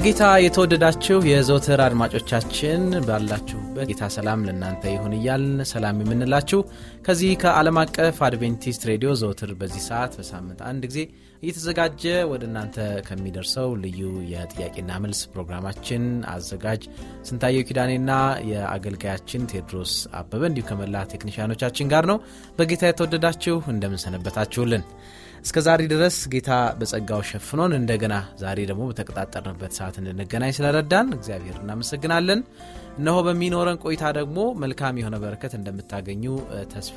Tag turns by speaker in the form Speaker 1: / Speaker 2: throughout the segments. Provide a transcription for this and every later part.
Speaker 1: በጌታ የተወደዳችሁ የዘውትር አድማጮቻችን ባላችሁበት ጌታ ሰላም ለእናንተ ይሁን እያል ሰላም የምንላችሁ ከዚህ ከዓለም አቀፍ አድቬንቲስት ሬዲዮ ዘውትር በዚህ ሰዓት በሳምንት አንድ ጊዜ እየተዘጋጀ ወደ እናንተ ከሚደርሰው ልዩ የጥያቄና መልስ ፕሮግራማችን አዘጋጅ ስንታየው ኪዳኔና የአገልጋያችን ቴድሮስ አበበ እንዲሁ ከመላ ቴክኒሽያኖቻችን ጋር ነው። በጌታ የተወደዳችሁ እንደምንሰነበታችሁልን እስከ ዛሬ ድረስ ጌታ በጸጋው ሸፍኖን እንደገና ዛሬ ደግሞ በተቀጣጠርንበት ሰዓት እንድንገናኝ ስለረዳን እግዚአብሔር እናመሰግናለን። እነሆ በሚኖረን ቆይታ ደግሞ መልካም የሆነ በረከት እንደምታገኙ ተስፋ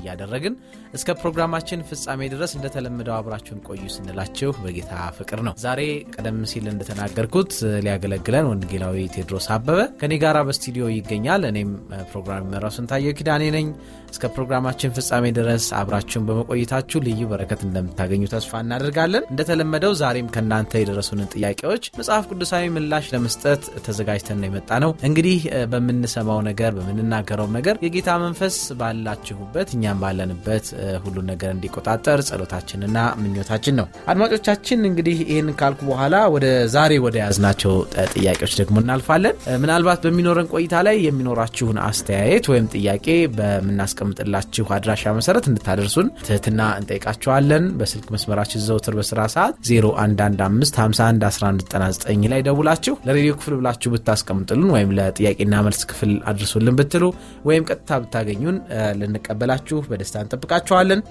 Speaker 1: እያደረግን እስከ ፕሮግራማችን ፍጻሜ ድረስ እንደተለመደው አብራችሁን ቆዩ ስንላችሁ በጌታ ፍቅር ነው። ዛሬ ቀደም ሲል እንደተናገርኩት ሊያገለግለን ወንጌላዊ ቴድሮስ አበበ ከኔ ጋር በስቱዲዮ ይገኛል። እኔም ፕሮግራም የመራው ስንታየ ኪዳኔ ነኝ። እስከ ፕሮግራማችን ፍጻሜ ድረስ አብራችሁን በመቆይታችሁ ልዩ በረከት እንደምታገኙ ተስፋ እናደርጋለን። እንደተለመደው ዛሬም ከእናንተ የደረሱንን ጥያቄዎች መጽሐፍ ቅዱሳዊ ምላሽ ለመስጠት ተዘጋጅተን ነው የመጣ ነው እንግዲህ በዚህ በምንሰማው ነገር በምንናገረው ነገር የጌታ መንፈስ ባላችሁበት እኛም ባለንበት ሁሉን ነገር እንዲቆጣጠር ጸሎታችንና ምኞታችን ነው። አድማጮቻችን እንግዲህ ይህን ካልኩ በኋላ ወደ ዛሬ ወደ ያዝናቸው ጥያቄዎች ደግሞ እናልፋለን። ምናልባት በሚኖረን ቆይታ ላይ የሚኖራችሁን አስተያየት ወይም ጥያቄ በምናስቀምጥላችሁ አድራሻ መሰረት እንድታደርሱን ትህትና እንጠይቃችኋለን። በስልክ መስመራችን ዘውትር በስራ ሰዓት 0115511199 ላይ ደውላችሁ ለሬዲዮ ክፍል ብላችሁ ብታስቀምጥሉን ወይም ለጥያቄ ጥያቄና መልስ ክፍል አድርሱልን ብትሉ ወይም ቀጥታ ብታገኙን ልንቀበላችሁ በደስታ እንጠብቃችኋለን።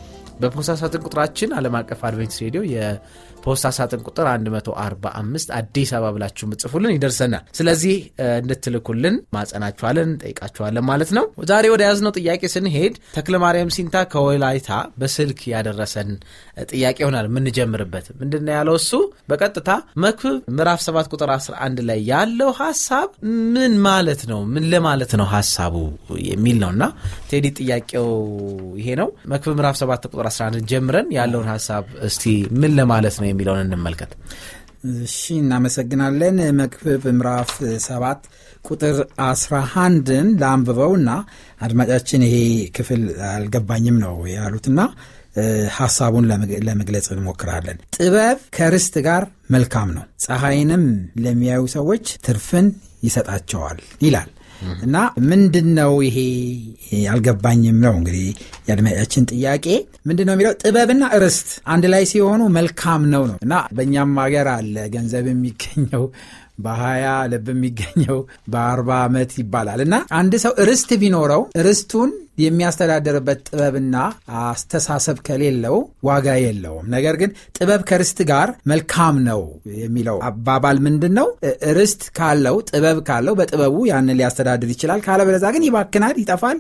Speaker 1: በፖስታ ሳጥን ቁጥራችን ዓለም አቀፍ አድቬንቲስት ሬዲዮ ፖስታ ሳጥን ቁጥር 145 አዲስ አበባ ብላችሁ ምጽፉልን ይደርሰናል። ስለዚህ እንድትልኩልን ማጸናችኋለን፣ ጠይቃችኋለን ማለት ነው። ዛሬ ወደ ያዝነው ጥያቄ ስንሄድ ተክለ ማርያም ሲንታ ከወላይታ በስልክ ያደረሰን ጥያቄ ይሆናል የምንጀምርበት። ምንድነው ያለው እሱ በቀጥታ መክብብ ምዕራፍ 7 ቁጥር 11 ላይ ያለው ሀሳብ ምን ማለት ነው? ምን ለማለት ነው ሀሳቡ የሚል እና ቴዲ ጥያቄው ይሄ ነው። መክብብ ምዕራፍ 7 ቁጥር 11 ጀምረን ያለውን ሀሳብ እስቲ ምን ለማለት ነው የሚለውን እንመልከት። እሺ
Speaker 2: እናመሰግናለን። መክብብ ምዕራፍ ሰባት ቁጥር አስራ አንድን ለአንብበው እና አድማጫችን ይሄ ክፍል አልገባኝም ነው ያሉትና ሐሳቡን ለመግለጽ እንሞክራለን። ጥበብ ከርስት ጋር መልካም ነው፣ ፀሐይንም ለሚያዩ ሰዎች ትርፍን ይሰጣቸዋል ይላል። እና ምንድን ነው ይሄ አልገባኝም ነው እንግዲህ የአድማጫችን ጥያቄ ምንድን ነው የሚለው ጥበብና ርስት አንድ ላይ ሲሆኑ መልካም ነው ነው እና በእኛም ሀገር አለ ገንዘብ የሚገኘው በሀያ ልብ የሚገኘው በአርባ ዓመት ይባላል እና አንድ ሰው ርስት ቢኖረው ርስቱን የሚያስተዳደርበት ጥበብና አስተሳሰብ ከሌለው ዋጋ የለውም። ነገር ግን ጥበብ ከርስት ጋር መልካም ነው የሚለው አባባል ምንድን ነው? ርስት ካለው ጥበብ ካለው በጥበቡ ያንን ሊያስተዳድር ይችላል። ካለበለዛ ግን ይባክናል፣ ይጠፋል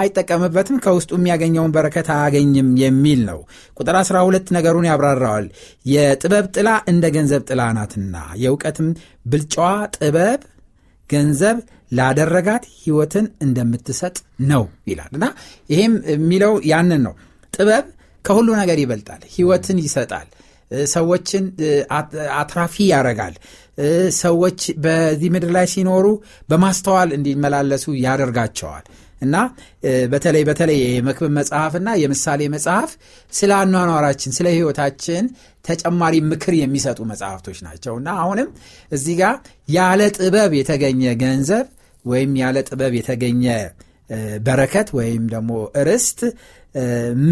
Speaker 2: አይጠቀምበትም፣ ከውስጡ የሚያገኘውን በረከት አያገኝም የሚል ነው። ቁጥር 12 ነገሩን ያብራራዋል። የጥበብ ጥላ እንደ ገንዘብ ጥላ ናትና የእውቀትም ብልጫዋ ጥበብ ገንዘብ ላደረጋት ህይወትን እንደምትሰጥ ነው ይላል እና ይሄም የሚለው ያንን ነው። ጥበብ ከሁሉ ነገር ይበልጣል። ህይወትን ይሰጣል። ሰዎችን አትራፊ ያደርጋል። ሰዎች በዚህ ምድር ላይ ሲኖሩ በማስተዋል እንዲመላለሱ ያደርጋቸዋል። እና በተለይ በተለይ የመክብብ መጽሐፍና የምሳሌ መጽሐፍ ስለ አኗኗራችን ስለ ህይወታችን ተጨማሪ ምክር የሚሰጡ መጽሐፍቶች ናቸው እና አሁንም እዚህ ጋር ያለ ጥበብ የተገኘ ገንዘብ ወይም ያለ ጥበብ የተገኘ በረከት ወይም ደግሞ ርስት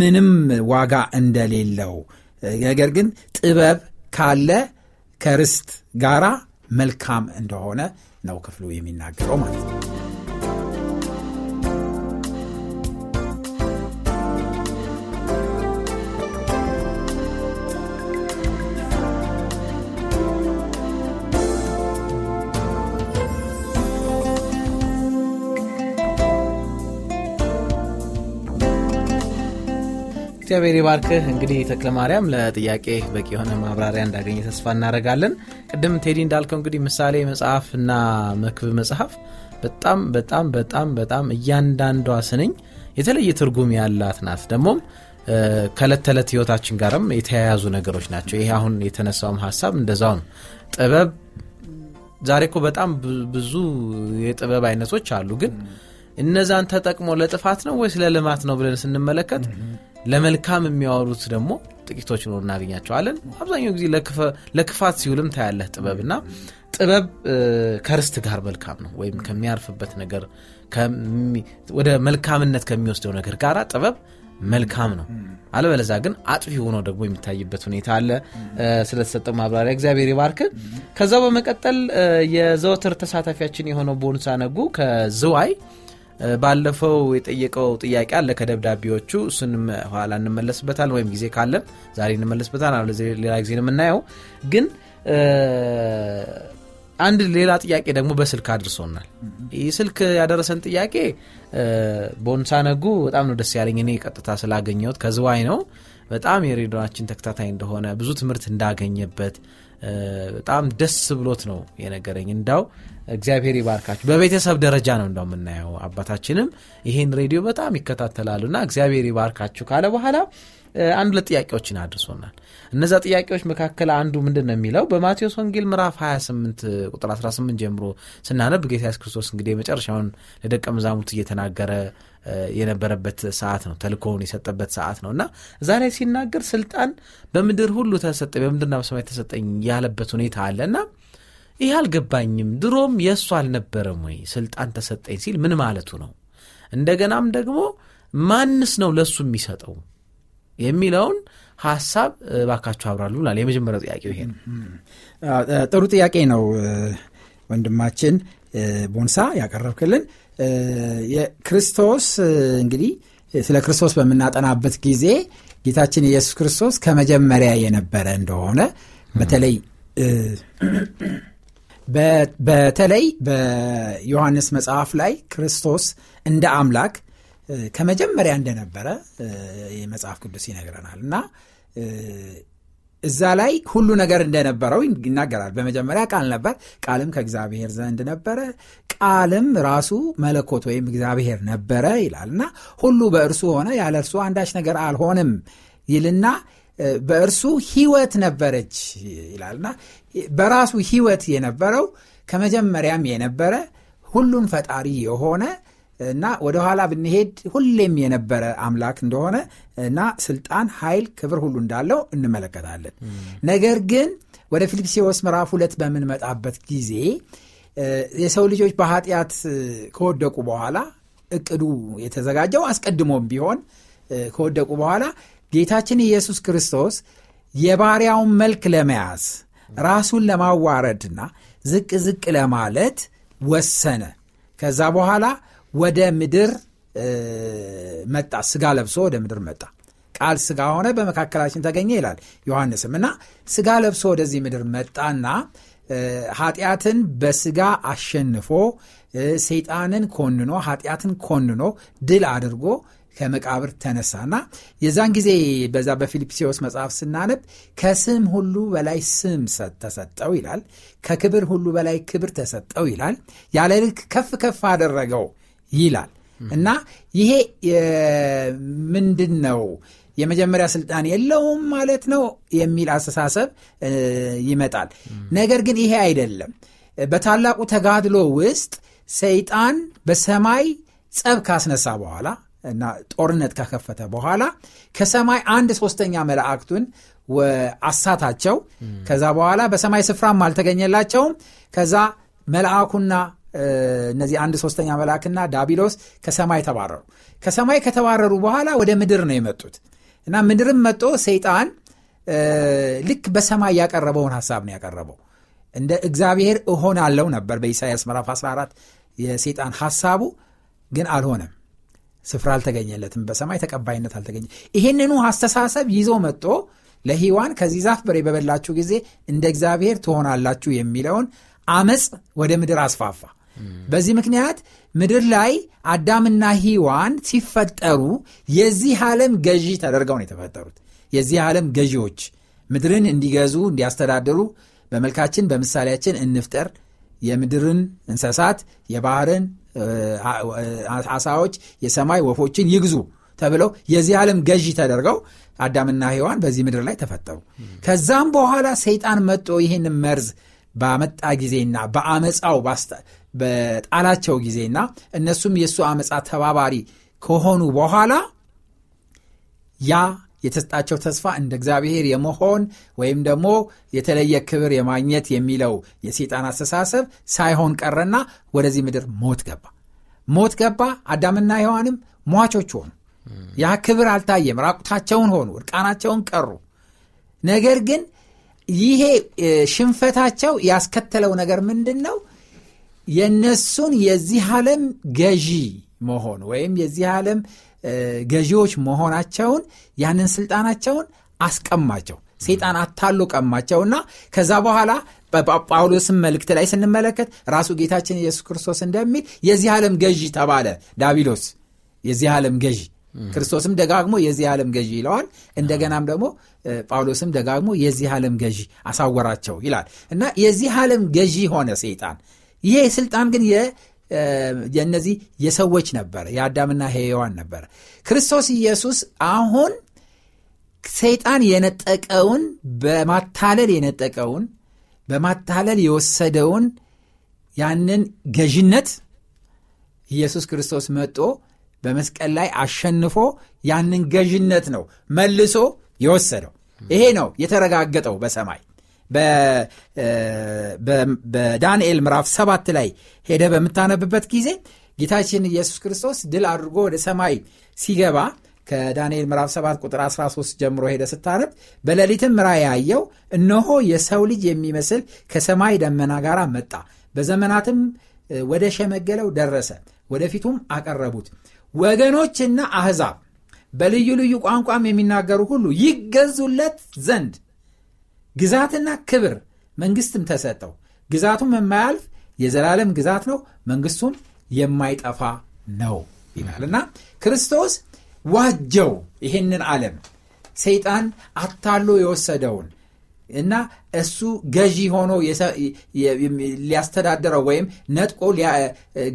Speaker 2: ምንም ዋጋ እንደሌለው ነገር ግን ጥበብ ካለ ከርስት ጋራ መልካም እንደሆነ ነው ክፍሉ የሚናገረው ማለት ነው።
Speaker 1: እግዚአብሔር ይባርክህ። እንግዲህ ተክለ ማርያም ለጥያቄ በቂ የሆነ ማብራሪያ እንዳገኘ ተስፋ እናደርጋለን። ቅድም ቴዲ እንዳልከው እንግዲህ ምሳሌ መጽሐፍ እና መክብብ መጽሐፍ በጣም በጣም በጣም በጣም እያንዳንዷ ስንኝ የተለየ ትርጉም ያላት ናት። ደግሞም ከእለት ተዕለት ህይወታችን ጋርም የተያያዙ ነገሮች ናቸው። ይሄ አሁን የተነሳውም ሀሳብ እንደዛው ነው። ጥበብ ዛሬ እኮ በጣም ብዙ የጥበብ አይነቶች አሉ። ግን እነዛን ተጠቅሞ ለጥፋት ነው ወይስ ለልማት ነው ብለን ስንመለከት ለመልካም የሚያወሩት ደግሞ ጥቂቶች ኖር እናገኛቸዋለን። አብዛኛው ጊዜ ለክፋት ሲውልም ታያለህ። ጥበብና ጥበብ ከርስት ጋር መልካም ነው ወይም ከሚያርፍበት ነገር ወደ መልካምነት ከሚወስደው ነገር ጋር ጥበብ መልካም ነው። አለበለዛ ግን አጥፊ ሆኖ ደግሞ የሚታይበት ሁኔታ አለ። ስለተሰጠው ማብራሪያ እግዚአብሔር ይባርክ። ከዛው በመቀጠል የዘወትር ተሳታፊያችን የሆነው ቦንሳ ነጉ ከዝዋይ ባለፈው የጠየቀው ጥያቄ አለ ከደብዳቤዎቹ እሱንም ኋላ እንመለስበታል፣ ወይም ጊዜ ካለን ዛሬ እንመለስበታል፣ ሌላ ጊዜ የምናየው ግን አንድ ሌላ ጥያቄ ደግሞ በስልክ አድርሶናል። ይህ ስልክ ያደረሰን ጥያቄ ቦንሳ ነጉ በጣም ነው ደስ ያለኝ። እኔ ቀጥታ ስላገኘሁት ከዝዋይ ነው። በጣም የሬዲዮናችን ተከታታይ እንደሆነ ብዙ ትምህርት እንዳገኘበት በጣም ደስ ብሎት ነው የነገረኝ። እንዳው እግዚአብሔር ይባርካችሁ። በቤተሰብ ደረጃ ነው እንዳው የምናየው። አባታችንም ይሄን ሬዲዮ በጣም ና እግዚአብሔር ይባርካችሁ ካለ በኋላ አንድ ሁለት ጥያቄዎችን አድርሶናል። እነዛ ጥያቄዎች መካከል አንዱ ምንድን ነው የሚለው በማቴዎስ ወንጌል ምዕራፍ 28 ቁጥር 18 ጀምሮ ስናነብ ጌታ ኢየሱስ ክርስቶስ እንግዲህ የመጨረሻውን ለደቀ መዛሙርት እየተናገረ የነበረበት ሰዓት ነው። ተልኮውን የሰጠበት ሰዓት ነው እና እዛ ላይ ሲናገር ስልጣን በምድር ሁሉ ተሰጠ፣ በምድርና በሰማይ ተሰጠኝ ያለበት ሁኔታ አለ እና ይህ አልገባኝም። ድሮም የእሱ አልነበረም ወይ ስልጣን ተሰጠኝ ሲል ምን ማለቱ ነው? እንደገናም ደግሞ ማንስ ነው ለእሱ የሚሰጠው የሚለውን ሀሳብ እባካችሁ አብራሉ ብሏል። የመጀመሪያው ጥያቄው ይሄ ነው። ጥሩ ጥያቄ
Speaker 2: ነው ወንድማችን ቦንሳ ያቀረብክልን ክርስቶስ እንግዲህ ስለ ክርስቶስ በምናጠናበት ጊዜ ጌታችን ኢየሱስ ክርስቶስ ከመጀመሪያ የነበረ እንደሆነ በተለይ በተለይ በዮሐንስ መጽሐፍ ላይ ክርስቶስ እንደ አምላክ ከመጀመሪያ እንደነበረ የመጽሐፍ ቅዱስ ይነግረናል እና እዛ ላይ ሁሉ ነገር እንደነበረው ይናገራል። በመጀመሪያ ቃል ነበር፣ ቃልም ከእግዚአብሔር ዘንድ ነበረ፣ ቃልም ራሱ መለኮት ወይም እግዚአብሔር ነበረ ይላል እና ሁሉ በእርሱ ሆነ፣ ያለ እርሱ አንዳች ነገር አልሆንም ይልና በእርሱ ህይወት ነበረች ይላልና በራሱ ህይወት የነበረው ከመጀመሪያም የነበረ ሁሉን ፈጣሪ የሆነ እና ወደኋላ ብንሄድ ሁሌም የነበረ አምላክ እንደሆነ እና ስልጣን፣ ኃይል፣ ክብር ሁሉ እንዳለው እንመለከታለን። ነገር ግን ወደ ፊልጵስዎስ ምዕራፍ ሁለት በምንመጣበት ጊዜ የሰው ልጆች በኃጢአት ከወደቁ በኋላ እቅዱ የተዘጋጀው አስቀድሞም ቢሆን ከወደቁ በኋላ ጌታችን ኢየሱስ ክርስቶስ የባሪያውን መልክ ለመያዝ ራሱን ለማዋረድና ዝቅ ዝቅ ለማለት ወሰነ። ከዛ በኋላ ወደ ምድር መጣ ስጋ ለብሶ ወደ ምድር መጣ ቃል ስጋ ሆነ በመካከላችን ተገኘ ይላል ዮሐንስም እና ስጋ ለብሶ ወደዚህ ምድር መጣና ኃጢአትን በስጋ አሸንፎ ሰይጣንን ኮንኖ ኃጢአትን ኮንኖ ድል አድርጎ ከመቃብር ተነሳና የዛን ጊዜ በዛ በፊልጵስዎስ መጽሐፍ ስናነብ ከስም ሁሉ በላይ ስም ተሰጠው ይላል። ከክብር ሁሉ በላይ ክብር ተሰጠው ይላል። ያለ ልክ ከፍ ከፍ አደረገው ይላል እና ይሄ ምንድን ነው የመጀመሪያ ስልጣን የለውም ማለት ነው የሚል አስተሳሰብ ይመጣል። ነገር ግን ይሄ አይደለም። በታላቁ ተጋድሎ ውስጥ ሰይጣን በሰማይ ጸብ ካስነሳ በኋላ እና ጦርነት ከከፈተ በኋላ ከሰማይ አንድ ሶስተኛ መላእክቱን አሳታቸው። ከዛ በኋላ በሰማይ ስፍራም አልተገኘላቸውም። ከዛ መልአኩና እነዚህ አንድ ሶስተኛ መልአክና ዳቢሎስ ከሰማይ ተባረሩ። ከሰማይ ከተባረሩ በኋላ ወደ ምድር ነው የመጡት እና ምድርም መጦ ሰይጣን ልክ በሰማይ ያቀረበውን ሀሳብ ነው ያቀረበው። እንደ እግዚአብሔር እሆናለሁ ነበር በኢሳያስ መራፍ 14 የሰይጣን ሀሳቡ ግን አልሆነም። ስፍራ አልተገኘለትም። በሰማይ ተቀባይነት አልተገኘ። ይህንኑ አስተሳሰብ ይዞ መጦ ለሂዋን ከዚህ ዛፍ በሬ በበላችሁ ጊዜ እንደ እግዚአብሔር ትሆናላችሁ የሚለውን አመፅ ወደ ምድር አስፋፋ። በዚህ ምክንያት ምድር ላይ አዳምና ሂዋን ሲፈጠሩ የዚህ ዓለም ገዢ ተደርገው ነው የተፈጠሩት። የዚህ ዓለም ገዢዎች ምድርን እንዲገዙ እንዲያስተዳድሩ በመልካችን በምሳሌያችን እንፍጠር። የምድርን እንስሳት፣ የባህርን አሳዎች፣ የሰማይ ወፎችን ይግዙ ተብለው የዚህ ዓለም ገዢ ተደርገው አዳምና ሔዋን በዚህ ምድር ላይ ተፈጠሩ። ከዛም በኋላ ሰይጣን መጦ ይህን መርዝ ባመጣ ጊዜና በአመፃው በጣላቸው ጊዜና እነሱም የእሱ አመፃ ተባባሪ ከሆኑ በኋላ ያ የተሰጣቸው ተስፋ እንደ እግዚአብሔር የመሆን ወይም ደግሞ የተለየ ክብር የማግኘት የሚለው የሴጣን አስተሳሰብ ሳይሆን ቀረና ወደዚህ ምድር ሞት ገባ። ሞት ገባ። አዳምና ሔዋንም ሟቾች ሆኑ። ያ ክብር አልታየም። ራቁታቸውን ሆኑ፣ እርቃናቸውን ቀሩ። ነገር ግን ይሄ ሽንፈታቸው ያስከተለው ነገር ምንድን ነው? የነሱን የዚህ ዓለም ገዢ መሆን ወይም የዚህ ዓለም ገዢዎች መሆናቸውን ያንን ስልጣናቸውን አስቀማቸው። ሴጣን አታሎ ቀማቸውና ከዛ በኋላ በጳውሎስን መልእክት ላይ ስንመለከት ራሱ ጌታችን ኢየሱስ ክርስቶስ እንደሚል የዚህ ዓለም ገዢ ተባለ ዳቢሎስ፣ የዚህ ዓለም ገዢ። ክርስቶስም ደጋግሞ የዚህ ዓለም ገዢ ይለዋል። እንደገናም ደግሞ ጳውሎስም ደጋግሞ የዚህ ዓለም ገዢ አሳወራቸው ይላል እና የዚህ ዓለም ገዢ ሆነ ሰይጣን ይሄ ስልጣን ግን የእነዚህ የሰዎች ነበረ፣ የአዳምና ሔዋን ነበር። ክርስቶስ ኢየሱስ አሁን ሰይጣን የነጠቀውን በማታለል የነጠቀውን በማታለል የወሰደውን ያንን ገዥነት ኢየሱስ ክርስቶስ መጦ በመስቀል ላይ አሸንፎ ያንን ገዥነት ነው መልሶ የወሰደው። ይሄ ነው የተረጋገጠው በሰማይ በዳንኤል ምዕራፍ ሰባት ላይ ሄደ በምታነብበት ጊዜ ጌታችን ኢየሱስ ክርስቶስ ድል አድርጎ ወደ ሰማይ ሲገባ ከዳንኤል ምዕራፍ 7 ቁጥር 13 ጀምሮ ሄደ ስታነብ በሌሊትም ራ ያየው እነሆ የሰው ልጅ የሚመስል ከሰማይ ደመና ጋር መጣ፣ በዘመናትም ወደ ሸመገለው ደረሰ፣ ወደፊቱም አቀረቡት። ወገኖችና አህዛብ በልዩ ልዩ ቋንቋም የሚናገሩ ሁሉ ይገዙለት ዘንድ ግዛትና ክብር መንግስትም ተሰጠው። ግዛቱም የማያልፍ የዘላለም ግዛት ነው፣ መንግስቱም የማይጠፋ ነው ይላል እና ክርስቶስ ዋጀው ይሄንን ዓለም ሰይጣን አታሎ የወሰደውን እና እሱ ገዢ ሆኖ ሊያስተዳድረው ወይም ነጥቆ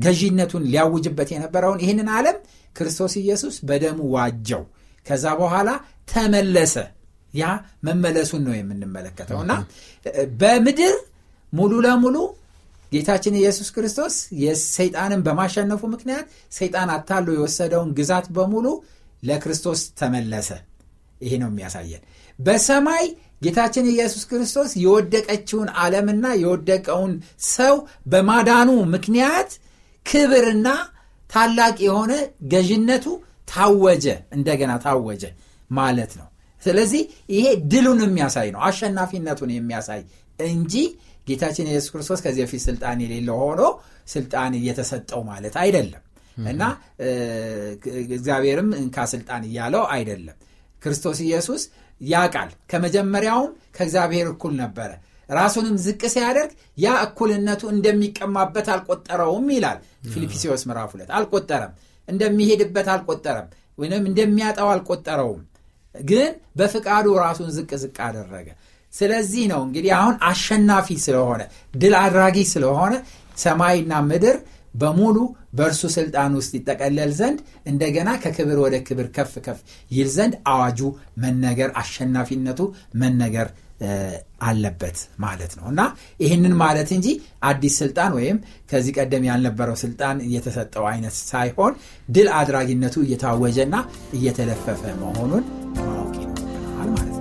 Speaker 2: ገዢነቱን ሊያውጅበት የነበረውን ይህንን ዓለም ክርስቶስ ኢየሱስ በደሙ ዋጀው። ከዛ በኋላ ተመለሰ ያ መመለሱን ነው የምንመለከተው እና በምድር ሙሉ ለሙሉ ጌታችን ኢየሱስ ክርስቶስ የሰይጣንን በማሸነፉ ምክንያት ሰይጣን አታሉ የወሰደውን ግዛት በሙሉ ለክርስቶስ ተመለሰ። ይሄ ነው የሚያሳየን። በሰማይ ጌታችን ኢየሱስ ክርስቶስ የወደቀችውን ዓለምና የወደቀውን ሰው በማዳኑ ምክንያት ክብርና ታላቅ የሆነ ገዥነቱ ታወጀ፣ እንደገና ታወጀ ማለት ነው። ስለዚህ ይሄ ድሉን የሚያሳይ ነው፣ አሸናፊነቱን የሚያሳይ እንጂ ጌታችን ኢየሱስ ክርስቶስ ከዚህ በፊት ስልጣን የሌለው ሆኖ ስልጣን እየተሰጠው ማለት አይደለም እና እግዚአብሔርም እንካ ስልጣን እያለው አይደለም። ክርስቶስ ኢየሱስ ያ ቃል ከመጀመሪያውም ከእግዚአብሔር እኩል ነበረ። ራሱንም ዝቅ ሲያደርግ ያ እኩልነቱ እንደሚቀማበት አልቆጠረውም ይላል ፊልጵስዩስ ምራፍ ሁለት አልቆጠረም። እንደሚሄድበት አልቆጠረም፣ ወይም እንደሚያጣው አልቆጠረውም። ግን በፍቃዱ ራሱን ዝቅ ዝቅ አደረገ። ስለዚህ ነው እንግዲህ አሁን አሸናፊ ስለሆነ ድል አድራጊ ስለሆነ ሰማይና ምድር በሙሉ በእርሱ ስልጣን ውስጥ ይጠቀለል ዘንድ እንደገና ከክብር ወደ ክብር ከፍ ከፍ ይል ዘንድ አዋጁ መነገር አሸናፊነቱ መነገር አለበት ማለት ነው እና ይህንን ማለት እንጂ አዲስ ስልጣን ወይም ከዚህ ቀደም ያልነበረው ስልጣን እየተሰጠው አይነት ሳይሆን ድል አድራጊነቱ እየታወጀና እየተለፈፈ መሆኑን ማወቅ ይኖርብናል ማለት ነው።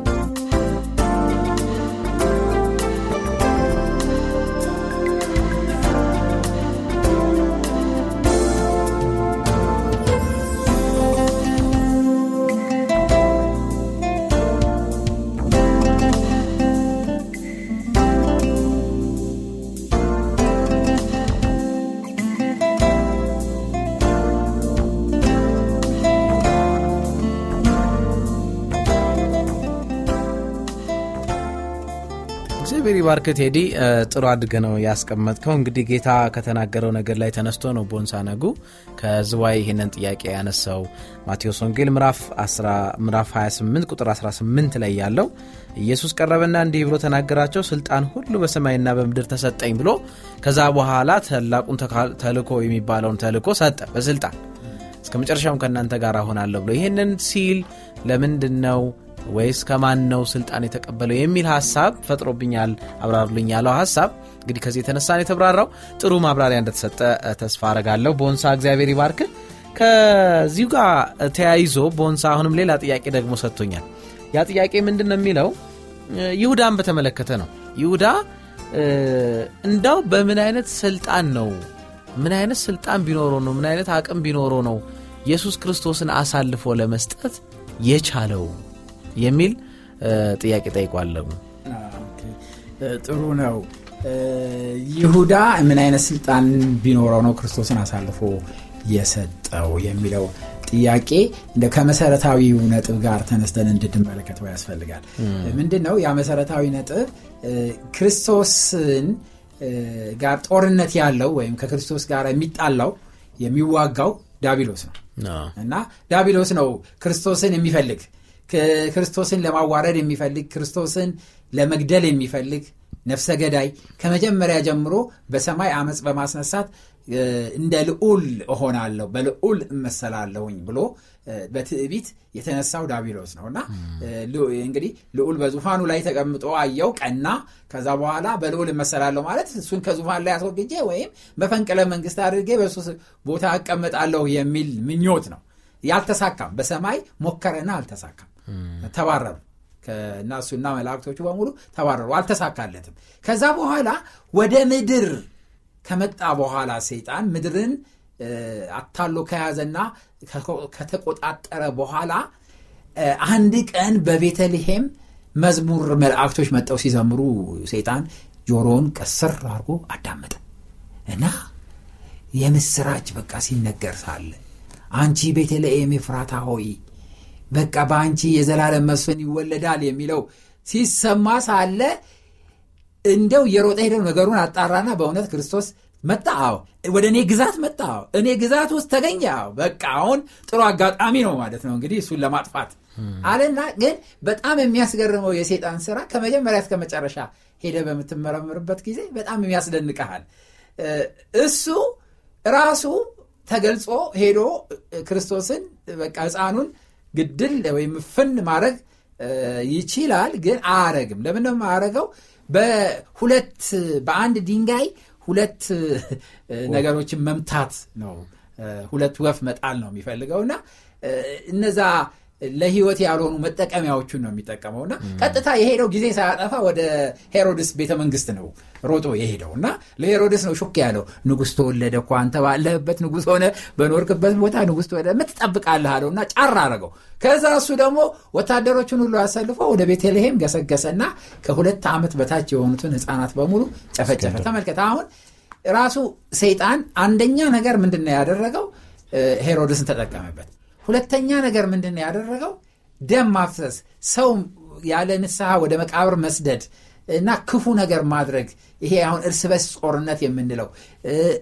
Speaker 1: ባርክ ቴዲ ጥሩ አድገ ነው ያስቀመጥከው። እንግዲህ ጌታ ከተናገረው ነገር ላይ ተነስቶ ነው ቦንሳ ነጉ ከዝዋይ ይህንን ጥያቄ ያነሳው። ማቴዎስ ወንጌል ምራፍ 28 ቁጥር 18 ላይ ያለው ኢየሱስ ቀረበና እንዲህ ብሎ ተናገራቸው፣ ስልጣን ሁሉ በሰማይና በምድር ተሰጠኝ ብሎ ከዛ በኋላ ተላቁን ተልኮ የሚባለውን ተልኮ ሰጠ በስልጣን እስከ መጨረሻውም ከእናንተ ጋር እሆናለሁ ብሎ ይህንን ሲል ለምንድን ነው ወይስ ከማን ነው ስልጣን የተቀበለው የሚል ሀሳብ ፈጥሮብኛል። አብራሩልኝ ያለው ሀሳብ እንግዲህ ከዚህ የተነሳን የተብራራው ጥሩ ማብራሪያ እንደተሰጠ ተስፋ አረጋለሁ። ቦንሳ እግዚአብሔር ይባርክ። ከዚሁ ጋር ተያይዞ ቦንሳ አሁንም ሌላ ጥያቄ ደግሞ ሰጥቶኛል። ያ ጥያቄ ምንድን ነው የሚለው ይሁዳን በተመለከተ ነው። ይሁዳ እንዳው በምን አይነት ስልጣን ነው ምን አይነት ስልጣን ቢኖሮ ነው ምን አይነት አቅም ቢኖረው ነው ኢየሱስ ክርስቶስን አሳልፎ ለመስጠት የቻለው የሚል ጥያቄ ጠይቋለሁ
Speaker 2: ጥሩ ነው ይሁዳ ምን አይነት ስልጣን ቢኖረው ነው ክርስቶስን አሳልፎ የሰጠው የሚለው ጥያቄ እንደ ከመሰረታዊው ነጥብ ጋር ተነስተን እንድንመለከተው ያስፈልጋል ምንድን ነው ያ መሰረታዊ ነጥብ ክርስቶስን ጋር ጦርነት ያለው ወይም ከክርስቶስ ጋር የሚጣላው የሚዋጋው ዳቢሎስ ነው እና ዳቢሎስ ነው ክርስቶስን የሚፈልግ ክርስቶስን ለማዋረድ የሚፈልግ ክርስቶስን ለመግደል የሚፈልግ ነፍሰ ገዳይ ከመጀመሪያ ጀምሮ በሰማይ አመፅ በማስነሳት እንደ ልዑል እሆናለሁ በልዑል እመሰላለሁኝ ብሎ በትዕቢት የተነሳው ዳቢሎስ ነው እና እንግዲህ ልዑል በዙፋኑ ላይ ተቀምጦ አየው፣ ቀና። ከዛ በኋላ በልዑል እመሰላለሁ ማለት እሱን ከዙፋን ላይ አስወግጄ ወይም መፈንቅለ መንግስት አድርጌ በሱ ቦታ እቀመጣለሁ የሚል ምኞት ነው። ያልተሳካም። በሰማይ ሞከረና አልተሳካም። ተባረሩ እና እሱና መላእክቶቹ በሙሉ ተባረሩ አልተሳካለትም ከዛ በኋላ ወደ ምድር ከመጣ በኋላ ሰይጣን ምድርን አታሎ ከያዘና ከተቆጣጠረ በኋላ አንድ ቀን በቤተልሔም መዝሙር መላእክቶች መጠው ሲዘምሩ ሰይጣን ጆሮውን ቀስር አድርጎ አዳመጠ እና የምስራች በቃ ሲነገር ሳለ አንቺ ቤተልሔም ኤፍራታ ሆይ በቃ በአንቺ የዘላለም መስፍን ይወለዳል የሚለው ሲሰማ ሳለ እንደው የሮጠ ሄደው ነገሩን አጣራና በእውነት ክርስቶስ መጣ። አዎ ወደ እኔ ግዛት መጣ። አዎ እኔ ግዛት ውስጥ ተገኘ። አዎ በቃ አሁን ጥሩ አጋጣሚ ነው ማለት ነው እንግዲህ እሱን ለማጥፋት hmm. አለና። ግን በጣም የሚያስገርመው የሴጣን ስራ ከመጀመሪያ እስከ መጨረሻ ሄደ በምትመረምርበት ጊዜ በጣም የሚያስደንቀሃል። እሱ ራሱ ተገልጾ ሄዶ ክርስቶስን በቃ ህፃኑን ግድል ወይም ፍን ማድረግ ይችላል። ግን አያረግም። ለምን ማያረገው? በሁለት በአንድ ድንጋይ ሁለት ነገሮችን መምታት ነው። ሁለት ወፍ መጣል ነው የሚፈልገው እና እነዛ ለህይወት ያልሆኑ መጠቀሚያዎቹን ነው የሚጠቀመው እና ቀጥታ የሄደው ጊዜ ሳያጠፋ ወደ ሄሮድስ ቤተመንግስት ነው ሮጦ የሄደው እና ለሄሮድስ ነው ሹክ ያለው ንጉስ ተወለደ እኮ አንተ ባለህበት ሆነ በኖርክበት ቦታ ንጉስ ተወለደ ምትጠብቃለህ አለው እና ጫር አረገው ከዛ እሱ ደግሞ ወታደሮቹን ሁሉ አሰልፎ ወደ ቤተልሔም ገሰገሰና ከሁለት ዓመት በታች የሆኑትን ህፃናት በሙሉ ጨፈጨፈ ተመልከት አሁን ራሱ ሰይጣን አንደኛ ነገር ምንድን ያደረገው ሄሮድስን ተጠቀመበት ሁለተኛ ነገር ምንድን ያደረገው? ደም ማፍሰስ፣ ሰው ያለ ንስሐ ወደ መቃብር መስደድ እና ክፉ ነገር ማድረግ። ይሄ አሁን እርስ በስ ጦርነት የምንለው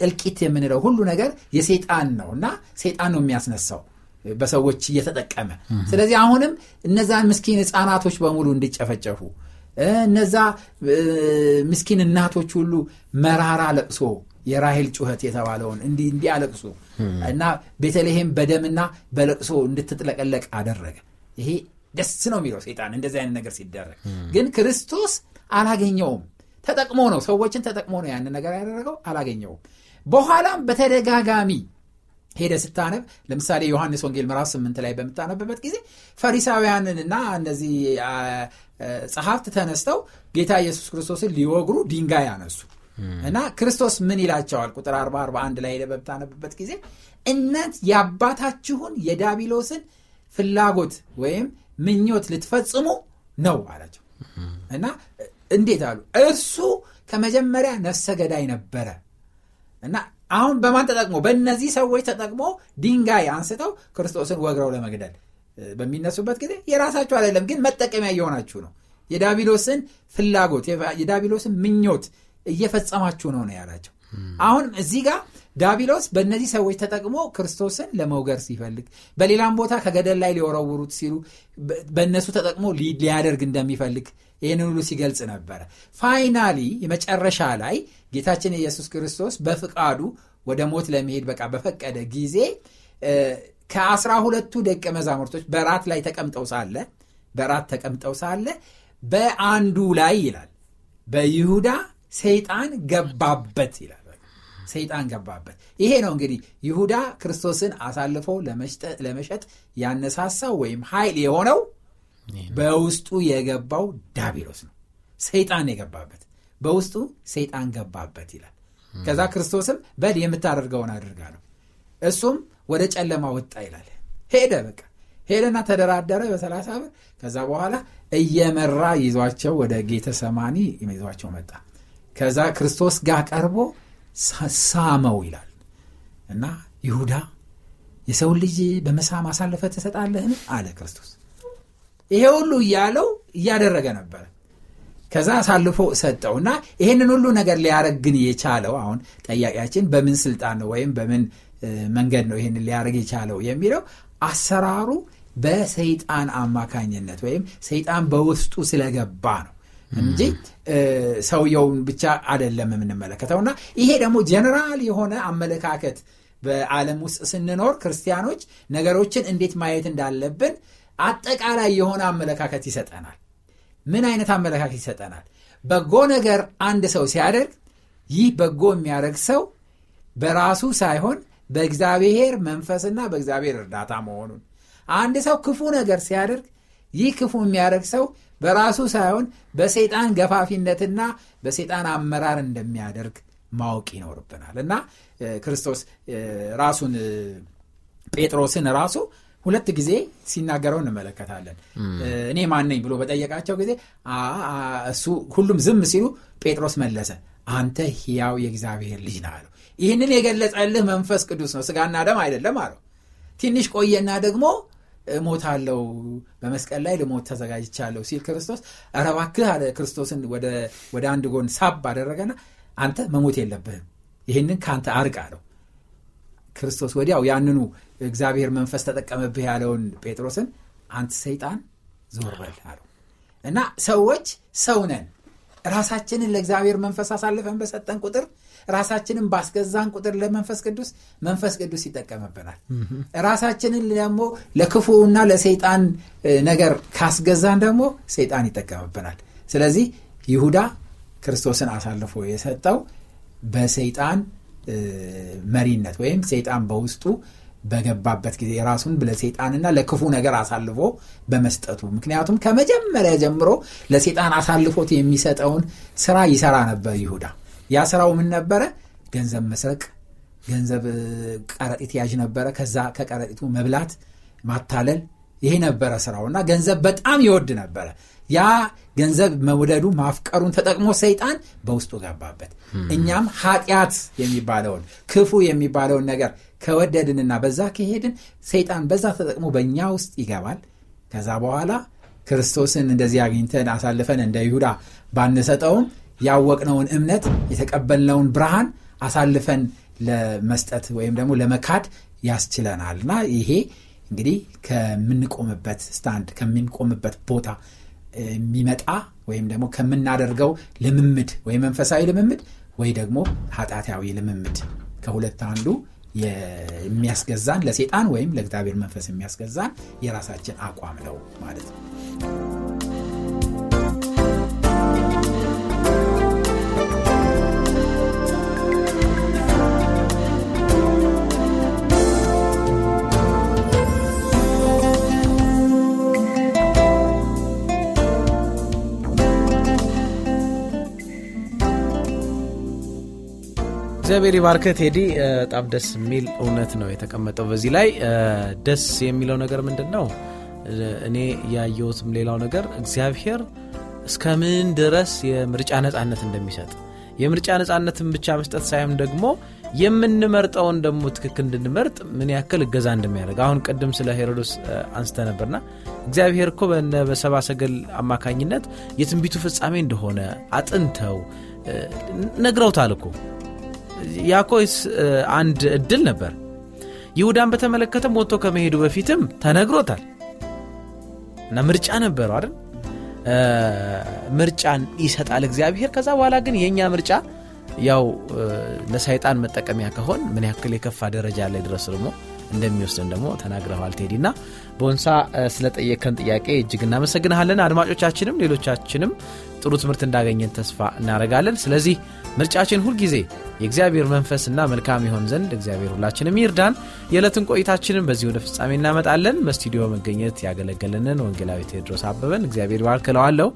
Speaker 2: እልቂት የምንለው ሁሉ ነገር የሴጣን ነው እና ሴጣን ነው የሚያስነሳው በሰዎች እየተጠቀመ። ስለዚህ አሁንም እነዛን ምስኪን ህፃናቶች በሙሉ እንዲጨፈጨፉ እነዛ ምስኪን እናቶች ሁሉ መራራ ለቅሶ የራሄል ጩኸት የተባለውን እንዲያለቅሱ hmm. እና ቤተልሔም በደምና በለቅሶ እንድትጥለቀለቅ አደረገ። ይሄ ደስ ነው የሚለው ሴጣን እንደዚህ አይነት ነገር ሲደረግ፣ hmm. ግን ክርስቶስ አላገኘውም። ተጠቅሞ ነው ሰዎችን ተጠቅሞ ነው ያንን ነገር ያደረገው፣ አላገኘውም። በኋላም በተደጋጋሚ ሄደ ስታነብ ለምሳሌ ዮሐንስ ወንጌል ምራፍ ስምንት ላይ በምታነብበት ጊዜ ፈሪሳውያንንና እነዚህ ጸሐፍት ተነስተው ጌታ ኢየሱስ ክርስቶስን ሊወግሩ ድንጋይ አነሱ። እና ክርስቶስ ምን ይላቸዋል? ቁጥር 441 ላይ በምታነብበት ጊዜ እናንት የአባታችሁን የዳቢሎስን ፍላጎት ወይም ምኞት ልትፈጽሙ ነው አላቸው። እና እንዴት አሉ? እርሱ ከመጀመሪያ ነፍሰ ገዳይ ነበረ እና አሁን በማን ተጠቅሞ? በእነዚህ ሰዎች ተጠቅሞ ድንጋይ አንስተው ክርስቶስን ወግረው ለመግደል በሚነሱበት ጊዜ የራሳችሁ አይደለም፣ ግን መጠቀሚያ እየሆናችሁ ነው። የዳቢሎስን ፍላጎት የዳቢሎስን ምኞት እየፈጸማችሁ ነው ነው ያላቸው። አሁን እዚህ ጋር ዳቢሎስ በእነዚህ ሰዎች ተጠቅሞ ክርስቶስን ለመውገር ሲፈልግ፣ በሌላም ቦታ ከገደል ላይ ሊወረውሩት ሲሉ በእነሱ ተጠቅሞ ሊያደርግ እንደሚፈልግ ይህንን ሁሉ ሲገልጽ ነበረ። ፋይናሊ የመጨረሻ ላይ ጌታችን ኢየሱስ ክርስቶስ በፍቃዱ ወደ ሞት ለመሄድ በቃ በፈቀደ ጊዜ ከአስራ ሁለቱ ደቀ መዛሙርቶች በራት ላይ ተቀምጠው ሳለ በራት ተቀምጠው ሳለ በአንዱ ላይ ይላል በይሁዳ ሰይጣን ገባበት ይላል። ሰይጣን ገባበት። ይሄ ነው እንግዲህ ይሁዳ ክርስቶስን አሳልፎ ለመሸጥ ያነሳሳው ወይም ኃይል የሆነው በውስጡ የገባው ዳቢሎስ ነው። ሰይጣን የገባበት በውስጡ ሰይጣን ገባበት ይላል። ከዛ ክርስቶስም በል የምታደርገውን አድርጋ ነው። እሱም ወደ ጨለማ ወጣ ይላል። ሄደ በቃ ሄደና ተደራደረ በሰላሳ ብር። ከዛ በኋላ እየመራ ይዟቸው ወደ ጌተሰማኒ ይዟቸው መጣ። ከዛ ክርስቶስ ጋር ቀርቦ ሳመው ይላል እና ይሁዳ የሰውን ልጅ በመሳም አሳልፈ ትሰጣለህን አለ ክርስቶስ ይሄ ሁሉ እያለው እያደረገ ነበረ ከዛ አሳልፎ ሰጠው እና ይህንን ሁሉ ነገር ሊያረግ ግን የቻለው አሁን ጠያቂያችን በምን ስልጣን ነው ወይም በምን መንገድ ነው ይህንን ሊያደርግ የቻለው የሚለው አሰራሩ በሰይጣን አማካኝነት ወይም ሰይጣን በውስጡ ስለገባ ነው እንጂ ሰውየውን ብቻ አደለም የምንመለከተው እና ይሄ ደግሞ ጀነራል የሆነ አመለካከት በዓለም ውስጥ ስንኖር ክርስቲያኖች ነገሮችን እንዴት ማየት እንዳለብን አጠቃላይ የሆነ አመለካከት ይሰጠናል። ምን አይነት አመለካከት ይሰጠናል? በጎ ነገር አንድ ሰው ሲያደርግ ይህ በጎ የሚያደርግ ሰው በራሱ ሳይሆን በእግዚአብሔር መንፈስና በእግዚአብሔር እርዳታ መሆኑን፣ አንድ ሰው ክፉ ነገር ሲያደርግ ይህ ክፉ የሚያደርግ ሰው በራሱ ሳይሆን በሰይጣን ገፋፊነትና በሰይጣን አመራር እንደሚያደርግ ማወቅ ይኖርብናል እና ክርስቶስ ራሱን ጴጥሮስን ራሱ ሁለት ጊዜ ሲናገረው እንመለከታለን እኔ ማነኝ ብሎ በጠየቃቸው ጊዜ እሱ ሁሉም ዝም ሲሉ ጴጥሮስ መለሰ አንተ ሕያው የእግዚአብሔር ልጅ ና አለው ይህንን የገለጸልህ መንፈስ ቅዱስ ነው ስጋና ደም አይደለም አለው ትንሽ ቆየና ደግሞ እሞታለሁ በመስቀል ላይ ልሞት ተዘጋጅቻለሁ ሲል ክርስቶስ ረባክህ አለ ክርስቶስን ወደ አንድ ጎን ሳብ አደረገና አንተ መሞት የለብህም ይህንን ከአንተ አርቅ አለው ክርስቶስ ወዲያው ያንኑ እግዚአብሔር መንፈስ ተጠቀመብህ ያለውን ጴጥሮስን አንተ ሰይጣን ዞር በል አለው እና ሰዎች ሰው ነን ራሳችንን ለእግዚአብሔር መንፈስ አሳልፈን በሰጠን ቁጥር ራሳችንን ባስገዛን ቁጥር ለመንፈስ ቅዱስ መንፈስ ቅዱስ ይጠቀምብናል። ራሳችንን ደግሞ ለክፉና ለሰይጣን ነገር ካስገዛን ደግሞ ሰይጣን ይጠቀምብናል። ስለዚህ ይሁዳ ክርስቶስን አሳልፎ የሰጠው በሰይጣን መሪነት ወይም ሰይጣን በውስጡ በገባበት ጊዜ ራሱን ለሴጣንና ለክፉ ነገር አሳልፎ በመስጠቱ ምክንያቱም ከመጀመሪያ ጀምሮ ለሴጣን አሳልፎት የሚሰጠውን ስራ ይሰራ ነበር ይሁዳ ያ ስራው ምን ነበረ ገንዘብ መስረቅ ገንዘብ ቀረጢት ያዥ ነበረ ከዛ ከቀረጢቱ መብላት ማታለል ይሄ ነበረ ስራው እና ገንዘብ በጣም ይወድ ነበረ ያ ገንዘብ መውደዱ ማፍቀሩን ተጠቅሞ ሰይጣን በውስጡ ገባበት እኛም ኃጢአት የሚባለውን ክፉ የሚባለውን ነገር ከወደድንና በዛ ከሄድን ሰይጣን በዛ ተጠቅሞ በእኛ ውስጥ ይገባል። ከዛ በኋላ ክርስቶስን እንደዚህ አግኝተን አሳልፈን እንደ ይሁዳ ባንሰጠውም ያወቅነውን እምነት የተቀበልነውን ብርሃን አሳልፈን ለመስጠት ወይም ደግሞ ለመካድ ያስችለናል እና ይሄ እንግዲህ ከምንቆምበት ስታንድ ከምንቆምበት ቦታ የሚመጣ ወይም ደግሞ ከምናደርገው ልምምድ ወይ መንፈሳዊ ልምምድ ወይ ደግሞ ኃጢአታዊ ልምምድ ከሁለት አንዱ የሚያስገዛን ለሴጣን ወይም ለእግዚአብሔር መንፈስ የሚያስገዛን የራሳችን አቋም ነው ማለት ነው።
Speaker 1: እግዚአብሔር ይባርክ ቴዲ። በጣም ደስ የሚል እውነት ነው የተቀመጠው በዚህ ላይ። ደስ የሚለው ነገር ምንድን ነው? እኔ ያየሁትም ሌላው ነገር እግዚአብሔር እስከምን ድረስ የምርጫ ነጻነት እንደሚሰጥ የምርጫ ነጻነትን ብቻ መስጠት ሳይሆን ደግሞ የምንመርጠውን ደግሞ ትክክል እንድንመርጥ ምን ያክል እገዛ እንደሚያደርግ አሁን ቅድም ስለ ሄሮዶስ አንስተ ነበርና እግዚአብሔር እኮ በሰባ ሰገል አማካኝነት የትንቢቱ ፍጻሜ እንደሆነ አጥንተው ነግረውታል እኮ ያዕቆብስ አንድ እድል ነበር ይሁዳን በተመለከተም ወጥቶ ከመሄዱ በፊትም ተነግሮታል እና ምርጫ ነበሩ አይደል ምርጫን ይሰጣል እግዚአብሔር ከዛ በኋላ ግን የእኛ ምርጫ ያው ለሰይጣን መጠቀሚያ ከሆን ምን ያክል የከፋ ደረጃ ላይ ድረስ ደግሞ እንደሚወስድን ደግሞ ተናግረዋል ቴዲ ና በወንሳ ስለጠየከን ጥያቄ እጅግ እናመሰግንሃለን አድማጮቻችንም ሌሎቻችንም ጥሩ ትምህርት እንዳገኘን ተስፋ እናደረጋለን። ስለዚህ ምርጫችን ሁልጊዜ የእግዚአብሔር መንፈስና መልካም ይሆን ዘንድ እግዚአብሔር ሁላችንም ይርዳን። የዕለትን ቆይታችንን በዚህ ወደ ፍጻሜ እናመጣለን። በስቱዲዮ መገኘት ያገለገለንን ወንጌላዊ ቴዎድሮስ አበበን እግዚአብሔር ለዋለው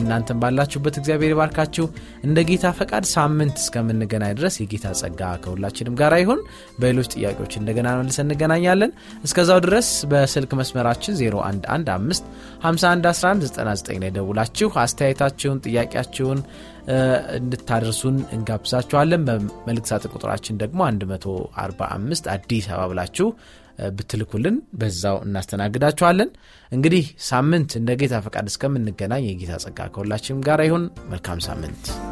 Speaker 1: እናንተም ባላችሁበት እግዚአብሔር ባርካችሁ እንደ ጌታ ፈቃድ ሳምንት እስከምንገናኝ ድረስ የጌታ ጸጋ ከሁላችንም ጋር ይሁን። በሌሎች ጥያቄዎች እንደገና መልሰ እንገናኛለን። እስከዛው ድረስ በስልክ መስመራችን 0115511199 ላይ ደውላችሁ አስተያየት አስተያየታችሁን፣ ጥያቄያችሁን እንድታደርሱን እንጋብዛችኋለን። በመልክ ሳጥን ቁጥራችን ደግሞ 145 አዲስ አበባ ብላችሁ ብትልኩልን በዛው እናስተናግዳችኋለን። እንግዲህ ሳምንት እንደ ጌታ ፈቃድ እስከምንገናኝ የጌታ ጸጋ ከሁላችንም ጋር ይሁን። መልካም ሳምንት